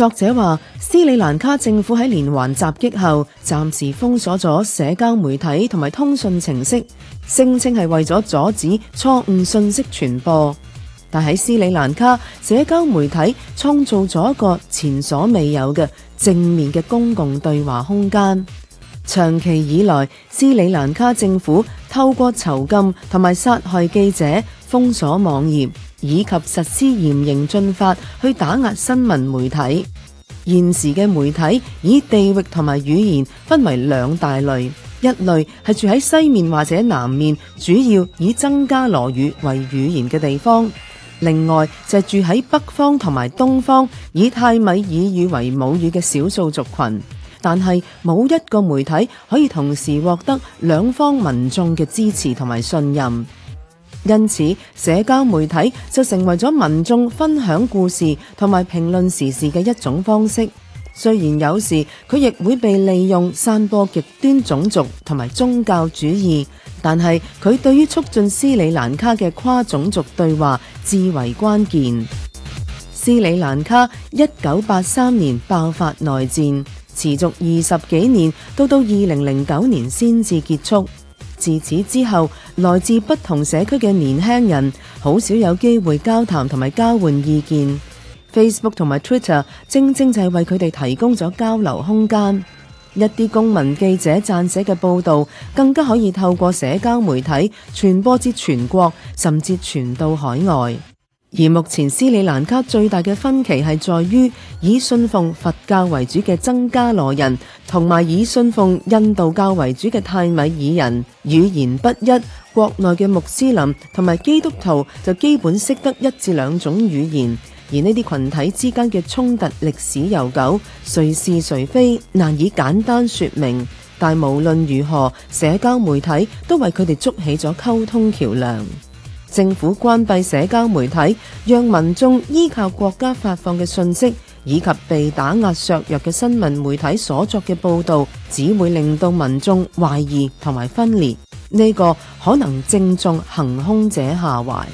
作者話，斯里蘭卡政府喺連環襲擊後，暫時封鎖咗社交媒體同埋通訊程式，聲稱係為咗阻止錯誤信息傳播。但喺斯里蘭卡，社交媒體創造咗一個前所未有嘅正面嘅公共對話空間。長期以來，斯里蘭卡政府透過囚禁同埋殺害記者封鎖，封鎖網頁。以及實施嚴刑峻法去打壓新聞媒體。現時嘅媒體以地域同埋語言分為兩大類，一類係住喺西面或者南面，主要以僧伽羅語為語言嘅地方；另外就係住喺北方同埋東方，以泰米爾語為母語嘅少數族群。但係冇一個媒體可以同時獲得兩方民眾嘅支持同埋信任。因此，社交媒體就成為咗民眾分享故事同埋評論時事嘅一種方式。雖然有時佢亦會被利用散播極端種族同埋宗教主義，但係佢對於促進斯里蘭卡嘅跨種族對話至為關鍵。斯里蘭卡一九八三年爆發內戰，持續二十幾年，到到二零零九年先至結束。自此之後，來自不同社區嘅年輕人好少有機會交談同埋交換意見。Facebook 同埋 Twitter 正正係為佢哋提供咗交流空間。一啲公民記者撰寫嘅報導，更加可以透過社交媒體傳播至全國，甚至傳到海外。而目前斯里蘭卡最大嘅分歧係在於以信奉佛教為主嘅僧伽羅人同埋以，以信奉印度教為主嘅泰米爾人語言不一，國內嘅穆斯林同埋基督徒就基本識得一至兩種語言，而呢啲群體之間嘅衝突歷史悠久，誰是誰非難以簡單說明。但無論如何，社交媒體都為佢哋築起咗溝通橋樑。政府關閉社交媒體，讓民眾依靠國家發放嘅訊息，以及被打壓削弱嘅新聞媒體所作嘅報道，只會令到民眾懷疑同埋分裂。呢個可能正中行兇者下懷。